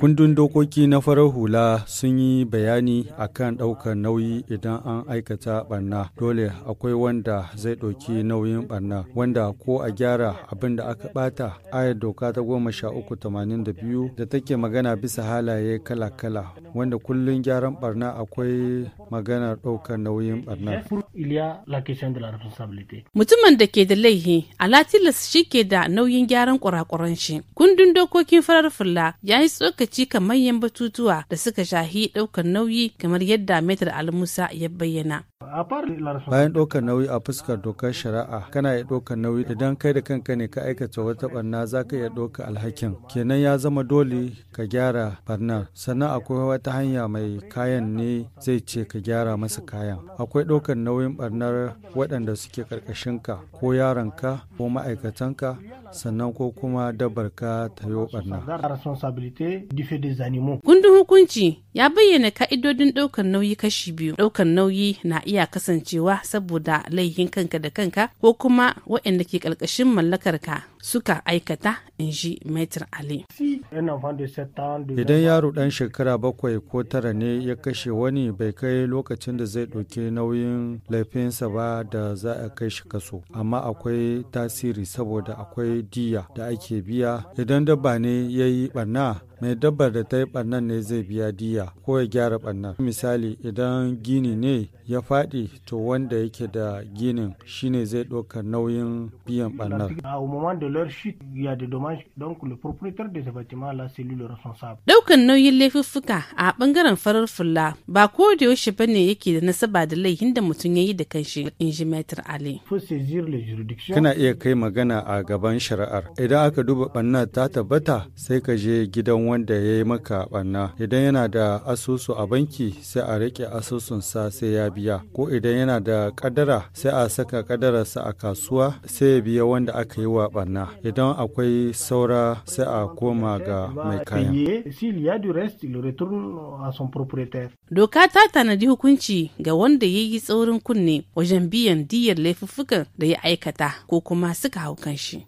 Kundin dokoki na farar hula sun yi bayani a kan ɗaukar nauyi idan an aikata barna. Dole akwai wanda zai ɗauki nauyin barna, wanda ko a gyara abin da aka ɓata ayar doka ta goma sha uku tamanin da biyu da take magana bisa halaye kala-kala, wanda kullum gyaran barna akwai magana ɗaukar nauyin barna. Mutumin da ke da laihi, alatilas shi ke da nauyin gyaran kurakuran shi. Kundin dokokin farar Abdullah ya yi tsokaci kan manyan batutuwa da suka shahi ɗaukar nauyi kamar yadda Metar Almusa ya bayyana. Bayan ɗaukar nauyi a fuskar dokar shari'a kana iya ɗaukar nauyi idan kai da kanka ne ka aikata wata barna za ka iya ɗauka alhakin. Kenan ya zama dole ka gyara barnar. Sannan akwai wata hanya mai kayan ne zai ce ka gyara masa kayan. Akwai ɗaukar nauyin barnar waɗanda suke ka ko yaranka ko ma'aikatanka sannan ko kuma dabarka ta yi barna. Kundin hukunci ya bayyana ka'idodin ɗaukar nauyi kashi biyu. Ɗaukar nauyi na iya baya kasancewa saboda laihin kanka da kanka ko kuma waɗanda ke ƙarƙashin mallakarka suka aikata in ji Maitre Ali. Idan yaro dan shekara bakwai ko tara ne ya kashe wani bai kai lokacin da zai ɗauki nauyin laifinsa ba da za a kai shi kaso, amma akwai tasiri saboda akwai diya da ake biya. Idan dabba ne ya yi ɓarna mai dabbar da ta yi ɓarnan ne zai biya diya ko ya gyara ɓarnan. Misali idan gini ne ya faɗi to wanda yake da ginin shine zai ɗauka nauyin biyan ɓarnar. leur chute, il y a des dommages. Donc, le propriétaire de ce bâtiment-là, c'est lui le responsable. Daukan nauyin laifuffuka a bangaren farar fulla ba ko da yaushe ba ne yake da nasaba da laifin da mutum ya yi da kanshi in ji Maitar Kana iya kai magana a gaban shari'ar. Idan aka duba banna ta tabbata sai ka je gidan wanda ya yi maka banna. Idan yana da asusu a banki sai a rike sa sai ya biya. Ko idan yana da kadara sai a saka kadararsa a kasuwa sai ya biya wanda aka yi wa banna. kaina idan akwai saura sai a koma ga mai kayan. Doka ta tanadi hukunci ga wanda ya yi tsaurin kunne wajen biyan diyar laifuffukan da ya aikata ko kuma suka haukan shi.